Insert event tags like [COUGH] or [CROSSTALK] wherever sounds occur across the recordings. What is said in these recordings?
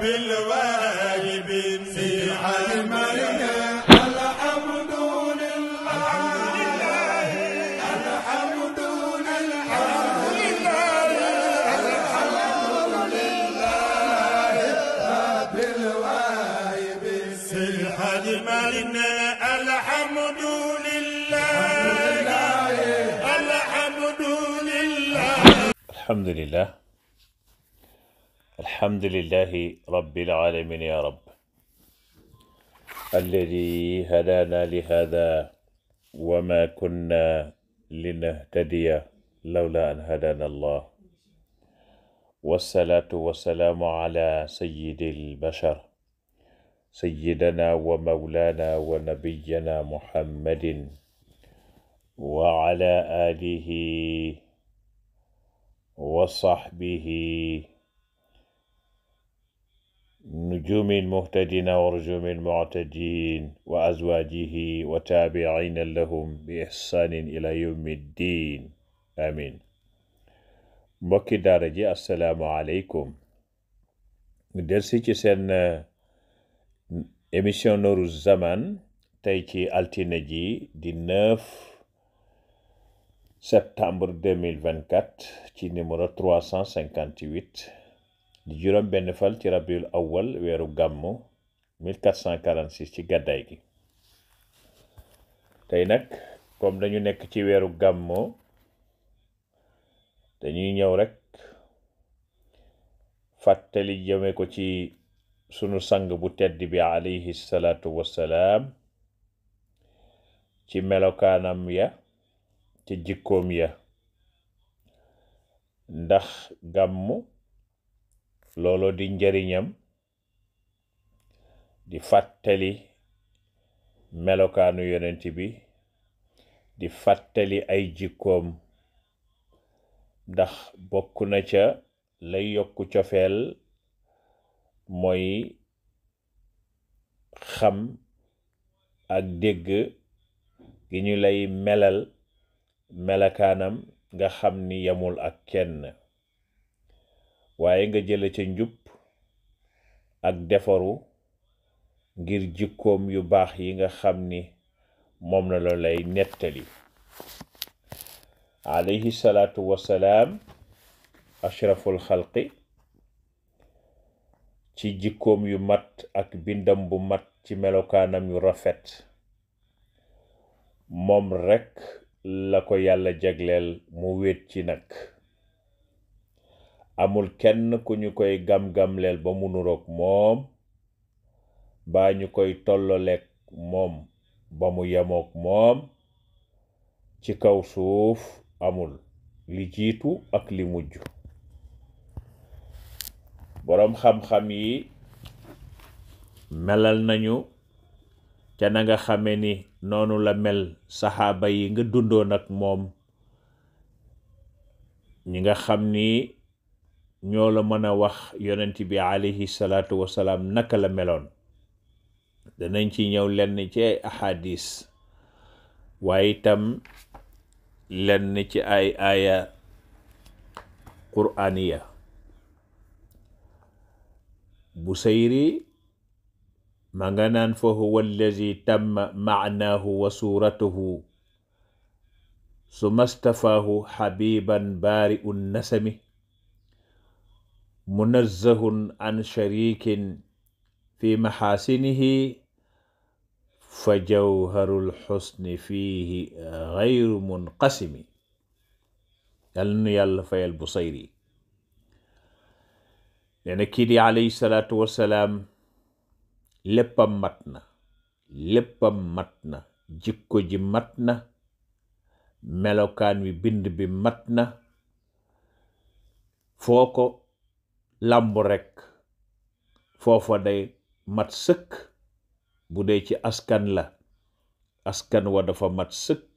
بالواجب في المريم alhamdulillah alhamdulillahi rabbil alamin ya rab alladi hadaana li hada wa ma kunna linahtadiya lawla an hadaana allah wassalaatu wassalaamu ala sayyidi albashar sayyidina wa mawlaana wa nabiyyina muhammadin wa ala aalihi wa sahbihi نجوم المهتدين ورجوم المعتدين وأزواجه وتابعين لهم بإحسان إلى يوم الدين آمين mbokki daara ji asalaamaaleykum delsi ci seen émission Zaman tey ci altine ji di 9 septembre 2024 ci numéro 358 di juróom benn fal ci rabiul awal weeru gàmmu 1446 ci gàddaay gi tey nag kom dañu nekk ci weeru gàmmu dañuy ñëw rekk fàttali jëme ko ci sunu sang bu tedd bi alayhi salaatu wassalaam ci melokaanam ya ci jikkoom ya ndax gàmmu looloo di njariñam di fàttali melokaanu yonent bi di fàttali ay jikkoom ndax bokk na ca lay yokku cofeel mooy xam ak dégg gi ñu lay melal melakaanam nga xam ni yamul ak kenn waaye nga jële ca njub ak defaru ngir jikkoom yu baax yi nga xam ni moom la loo lay nettali alayhi salaatu wasalaam ashraful xalqi ci jikkoom yu mat ak bindam bu mat ci melokaanam yu rafet moom rekk la ko yàlla jagleel mu wéet ci nag amul kenn ku ñu koy gam-gamleel ba mu nuroog moom baa ñu koy tolloleeg moom ba mu yemook moom ci kaw suuf amul li jiitu ak li mujj boroom xam-xam yi melal nañu ca nanga nga xame ni noonu la mel saxaaba yi nga dundoon ak moom ñi nga xam ni ñoo la mën a wax yonent bi alayhi salaatu wasalaam naka la meloon danañ ci ñëw lenn ci ay ahadis waaye itam lenn ci ay aaya qur'aniya Busayri ma nga naan fa huwa allazi tamma maanaahu wa suuratuhu summa stafaahu xabiban baari un nasami munazzahun an sharikin fi maxaasinihi fa jawharul xusni fiihi gayru munqasimi yàlla nu yàlla fayal Busayri nee na kii di alayhi salaatu wasalaam léppam mat na léppam mat na jikko ji mat na melokaan wi bind bi mat na foo ko làmb rekk foofa day mat sëkk bu dee ci askan la askan wa dafa mat sëkk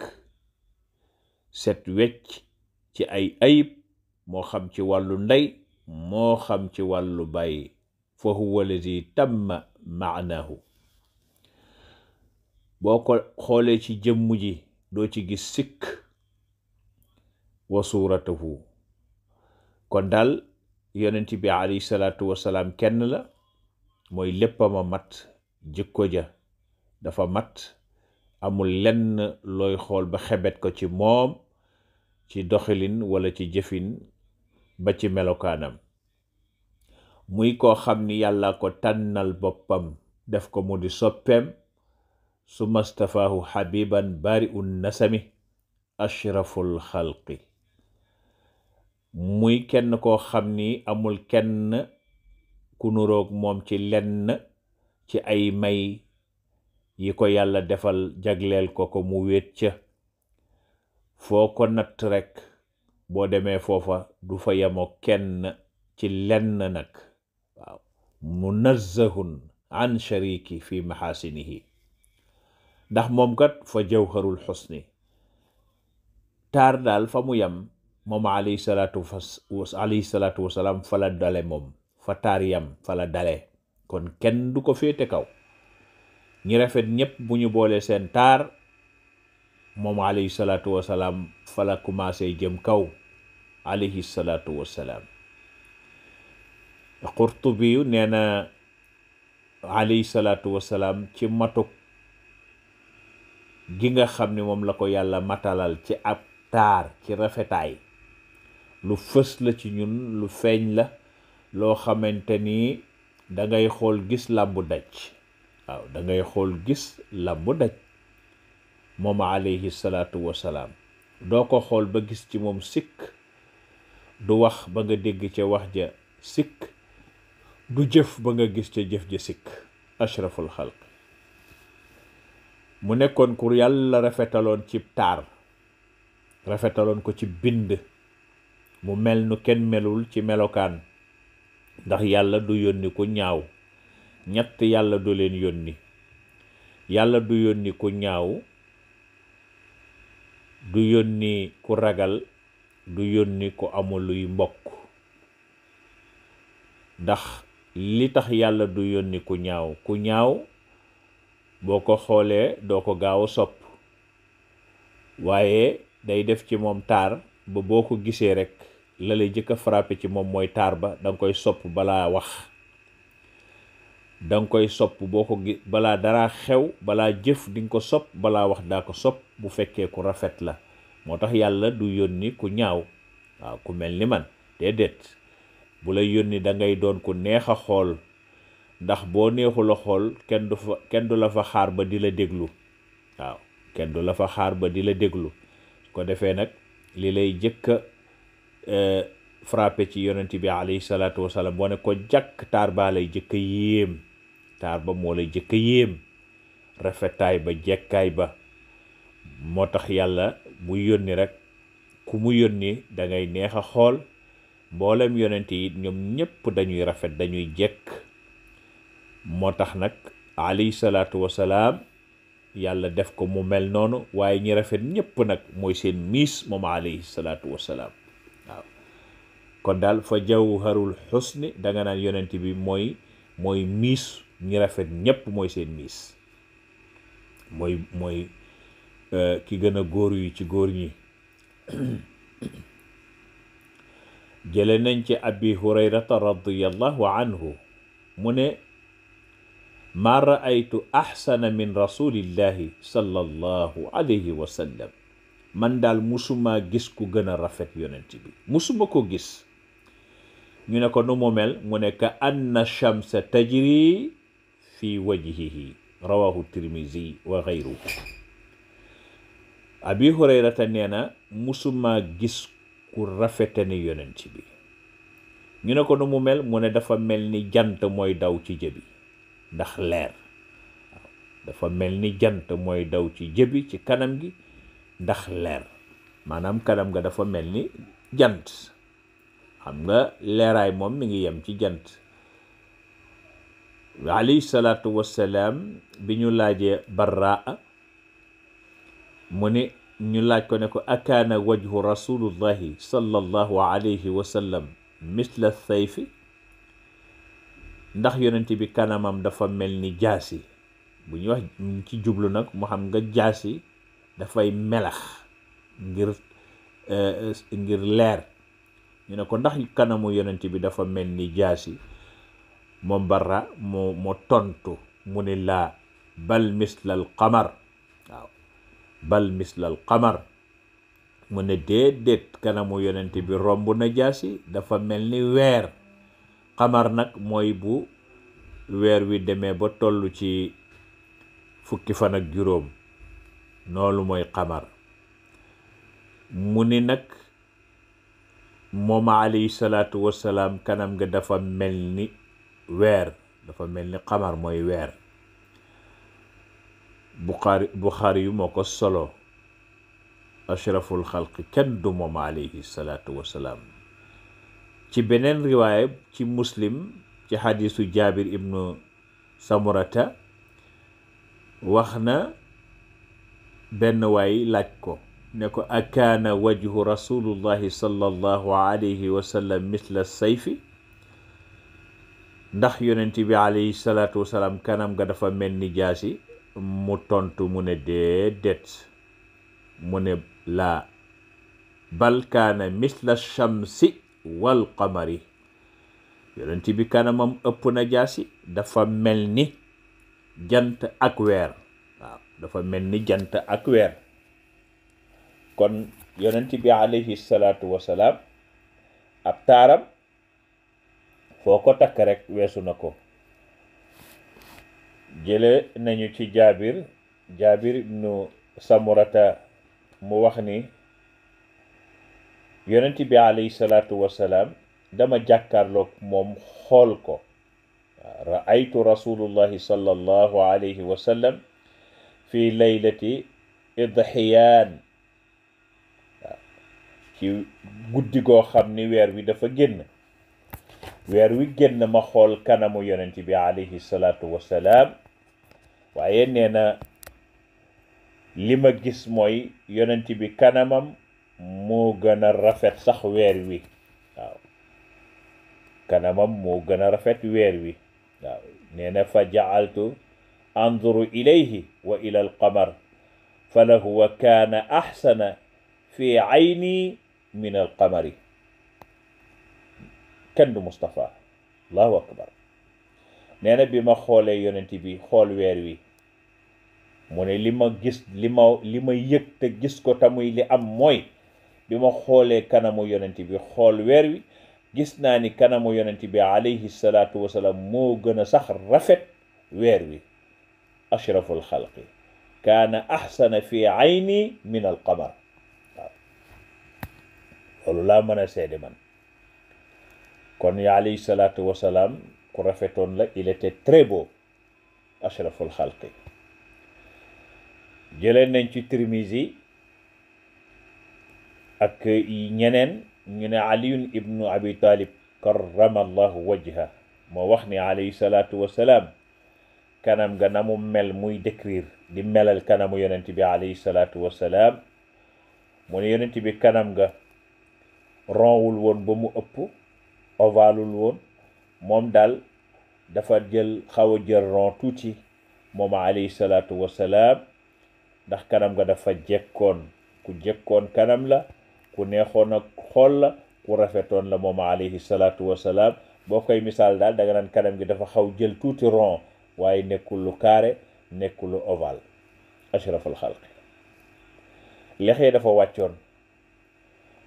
set wecc ci ay ayib moo xam ci wàllu ndey moo xam ci wàllu baay fa huwa lazi tamma maanaahu boo ko xoolee ci jëmm ji doo ci gis sikk wa suuratahu kon daal yonent bi alayhi salaatu wasalaam kenn la mooy léppama mat jikko ja dafa mat amul lenn looy xool ba xebet ko ci moom ci doxalin wala ci jëfin ba ci melokaanam muy koo xam ni yàlla ko tànnal boppam def ko mu di soppeem su mastafaahu xabiban bari un nasami ashraful xalqi muy kenn koo xam ni amul kenn ku nuroog moom ci lenn ci ay may yi ko yàlla defal jagleel ko ko mu wéet ca foo ko natt rekk boo demee foofa du fa yemoo kenn ci lenn nag waaw munazzahun an shariki fi maxaasinihi ndax moom kat fa jawharul xusni taar daal fa mu yem moom alayhi salaatu alayhi salaatu wasalaam fa la dale moom fa taariyam fa la dale kon kenn du ko féete kaw ñi rafet ñépp bu ñu boolee seen taar moom alayhi salaatu wasalaam fa la commencé jëm kaw alayhi salaatu wasalaam Qurtubiyu nee na alayhi salaatu wasalaam ci matuk gi nga xam ni moom la ko yàlla matalal ci ab taar ci rafetaay lu fës la ci ñun lu feeñ la loo xamante nii dangay xool gis làmbu daj waaw da xool gis làmbu daj moom alayhi salaatu wasalaam doo ko xool ba gis ci moom sikk du wax ba nga dégg ca wax ja sikk du jëf ba nga gis ca jëf ja sikk ashraful xalq mu nekkoon ku yàlla rafetaloon ci taar rafetaloon ko ci bind mu mel nu kenn melul ci melokaan ndax yàlla du yónni ku ñaaw ñett yàlla du leen yónni yàlla du yónni ku ñaaw du yónni ku ragal du yónni ku amul luy mbokk ndax li tax yàlla du yónni ku ñaaw ku ñaaw boo ko xoolee doo ko gaaw a sopp waaye day def ci moom taar ba boo ko gisee rekk la lay jëkk a frappé ci moom mooy taar ba danga koy sopp balaa wax danga koy sopp boo ko gi balaa daraa xew balaa jëf di ko sopp balaa wax daa ko sopp bu fekkee ku rafet la moo tax yàlla du yónni ku ñaaw waaw ku mel ni man déedéet bu la yónni dangay doon ku neex a xool ndax boo neexul a xool kenn du kenn du la fa xaar ba di la déglu waaw kenn du la fa xaar ba di la déglu su ko defee nag li lay jëkka frappé ci yonent bi alayhi salaatu wasalaam boo ne ko jàkk taar baa lay jëkk a yéem taar ba moo lay jëkk yéem rafetaay ba jekkaay ba moo tax yàlla mu yónni rek ku mu yónni da ngay neex a xool mboolem yonent yi ñoom ñépp dañuy rafet dañuy jekk moo tax nag alayhi salaatu wasalaam yàlla def ko mu mel noonu waaye ñi rafet ñépp nag mooy seen miis moom alayhi salaatu wasalaam kon daal fa jawharul xusni da nga naan yonent bi mooy mooy miis ñi rafet ñépp mooy seen miis mooy mooy euh, ki gën a góor yi ci góor ñi [COUGHS] jële nañ ci abi hurayrata radiallahu anhu mu ne maa raaytu axsana min rasulillahi sallallahu alayhi wa sallam man daal musuma gis ku gën a rafet yonent bi musuma ko gis ñu ne ko nu mu mel mu ne ka anna shamsa tajri fi wajhihi rawahu tirmisi wa xayruhu abi hurayrata nee na musuma gis ku rafete ni yonent bi ñu ne ko nu mu mel mu ne dafa mel ni jant mooy daw ci jëbi ndax leer dafa mel ni jant mooy daw ci jëbi ci kanam gi ndax leer maanaam kanam nga dafa mel ni jant xam nga leeraay moom mi ngi yem ci jant alayhi salaatu wassalaam bi ñu laajee barraa mu ne ñu laaj ko ne ko akaana wajhu rasulullahi sallallahu alayhi wa misla sayfi ndax yonent bi kanamam dafa mel ni jaasi bu ñuy wax ci jublu nag mu xam nga jaasi dafay melax ngir eh, ngir leer ñu ne ko ndax kanamu yonent bi dafa mel ni jaasi moom barra mu mu tontu mu ni laa bal mislal qamar waaw bal mislal qamar mu ne déedéet kanamu yonent bi romb na jaasi dafa mel ni weer xamar nag mooy bu weer wi demee ba toll ci fukki fan ak juróom noolu mooy xamar mu ni nag moom alayhi salaatu wasalaam kanam nga dafa mel ni weer dafa mel ni xamar mooy weer buxaari buxaari yu moo ko solo ashraful xalq kenn du moom alayhi salaatu wasalaam ci beneen riwaaya ci muslim ci xadiisu jaabir ibnu samurata wax na benn waay laaj ko ne ko akaana wajhu rasulullahi sallallahu alayhi wa sallam misla sayfi ndax yonent bi alayhi salaatu wasalaam kanam ga dafa mel ni jaasi mu tontu mu ne déedéet mu ne laa bal kaana misla shamsi wal qamari yonent bi kanamam ëpp na jaasi dafa mel ni jant ak weer mel ni jant ak weer kon yonent bi alayhi salaatu wasalaam ab taaram foo ko takk rek weesu na ko jële nañu ci jaabir jaabir ibnu samurata mu wax ni yonent bi alayhi salaatu wasalaam dama jàkkaarloog moom xool ko raaytu rasulullahi sallallahu alayhi wa sallam fi laylati idxiyaan ci guddi goo xam ni weer wi dafa génn weer wi génn ma xool kanamu yonent bi alayhi salaatu wasalaam waaye nee na li ma gis mooy yonent bi kanamam moo gën a rafet sax weer wi waaw kanamam moo gën a rafet weer wi waaw nee na fa jacaltu anzuru ilayhi wa ila alqamar fa lahuwa kaana axsana fi cayni min al qamari kenn du Moustapha allahu akbar nee na bi ma xoolee yonent bi xool weer wi mu ne li ma gis li ma li ma yëg te gis ko tamuy li am mooy bi ma xoolee kanamu yonent bi xool weer wi gis naa ni kanamu yonent bi alayhi salaatu wasalaam moo gën a sax rafet weer wi ashraful xalqi kaana axsana fi ayni min al qamar loolu laa mën a seede man kon ya alayhi salaatu wasalaam ku rafetoon la il était très beau ashraful xalqi jëleen nañ ci Tirmizi ak ñeneen ñu ne aliyun ibnu abi talib karrama allahu wajha moo wax ni alayhi salaatu wasalaam kanam ga na mu mel muy décrire di melal kanamu yonent bi alayhi salaatu wasalaam mu ne yonent bi kanam ga ronwul woon ba mu ëpp ovalul woon moom daal dafa jël xaw a jël ron tuuti moom alayhi salaatu wasalaam ndax kanam nga dafa jekkoon ku jekkoon kanam la ku neexoon ak xool la ku rafetoon la moom alayhi salaatu wasalaam boo koy misaal daal da naan kanam gi dafa xaw jël tuuti ron waaye nekkul lu carré nekkul lu ovale ashraful xalqi lex dafa wàccoon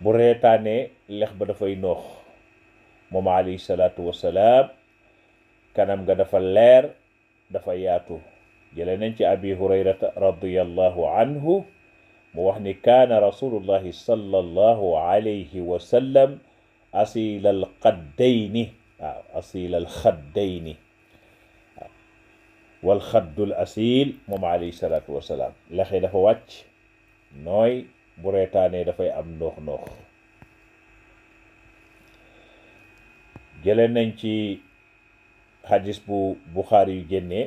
bu reetaanee lex ba dafay noox moom alayhi salaatu wasalaam kanam nga dafa leer dafa yaatu jële nañ ci abi hurayrata radiallahu anhu mu wax ni kaana rasulullahi sallallahu alayhi wa sallam asiila alqaddayni waaw asiila alxaddayni waaw walxaddul asiil moom alayhi salaatu wasalaam lexi dafa wàcc nooy bu reetaanee dafay am noox noox jële nañ ci xadis bu buxaari yu génnee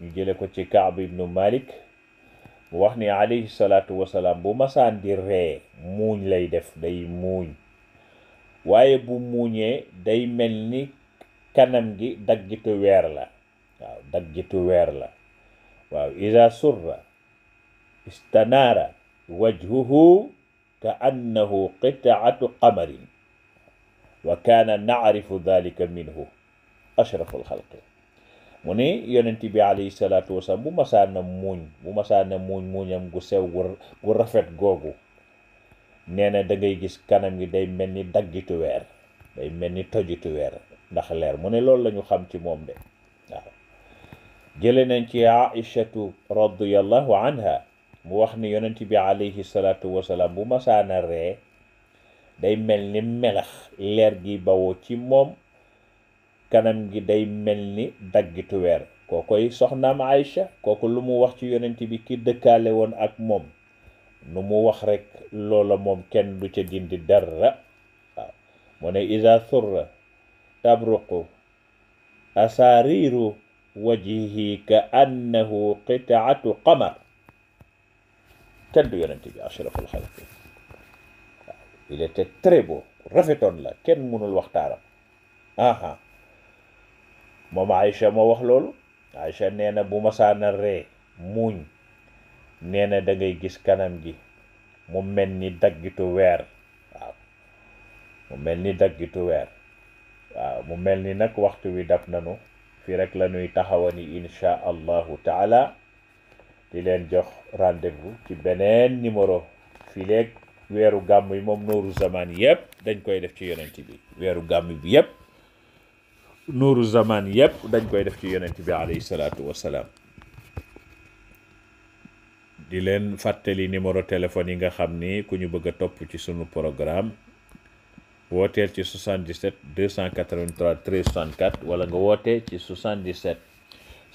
ñu jële ko ci kaab ibnu malik mu wax ni alayhi salaatu wasalaam bu masaan di ree muuñ lay def day muuñ waaye bu muuñee day mel ni kanam gi daggitu weer la waaw daggitu weer la waaw isa surra istanaara wajhuhu ka annahu qitaatu qamarin wa kaana naarifu dalika minhu ashrafu alxalqi mu ne yonent bi alayhi salaatu wasalaam bu masaana muuñ bu masaana muuñ muuñam gu sew gu rafet googu nee na da ngay gis kanam gi day mel ni daggitu weer day mel ni tojitu weer ndax leer mu ne loolu la ñu xam ci moom de waaw jële nañ ci aishatu radiyallahu anha mu wax ni yonent bi alayhi salaatu wasalaam bu masaana ree day mel ni melax leer gi bawoo ci moom kanam gi day mel ni daggitu weer kookoy soxnaam Aïcha kooku lu mu wax ci yonent bi ki dëkkaale woon ak moom nu mu wax rekk loola moom kenn du ca dindi dara waaw mu ne isa surra tabruqu asaariru wajhihi ka annahu qitaatu qamar teddu yonent bi ashraful xalqi waaw il était très rafetoon la kenn mënul waxtaaram aha moom Aïcha moo wax loolu Aïcha nee na bu masaana ree muuñ nee dangay gis kanam gi mu mel ni daggitu weer waaw mu mel ni daggitu weer waaw mu mel ni nag waxtu wi dab nanu fii rek la taxawa taxawani insha allahu taala di leen jox rendez-vous ci beneen numéro fii weeru gàmm yi moom nooru zaman yëpp dañ koy def ci yonent bi weeru gàmm bi yëpp nooru zaman yëpp dañ koy def ci yonent bi alayhi salaatu wasalaam di leen fàttali numéro téléphone yi nga xam ni ku ñu bëgg a topp ci sunu programme wooteel ci 77 283 wala nga woote ci 77 531 00 04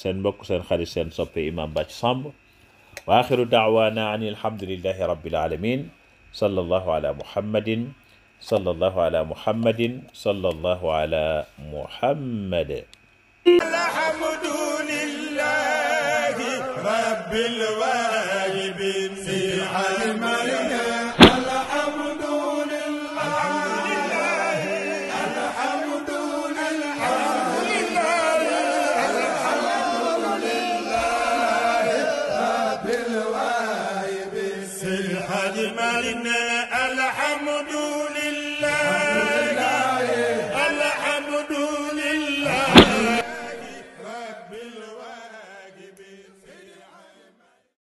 seen mbokk seen xarit seen soppe imam Bathie Samb wa axiru daawaana an alhamdulillahi rabbil alamin sallallahu ala muhammadin sallallahu ala muhammadin sallallahu ala muhammad alhamdulillahi rabbil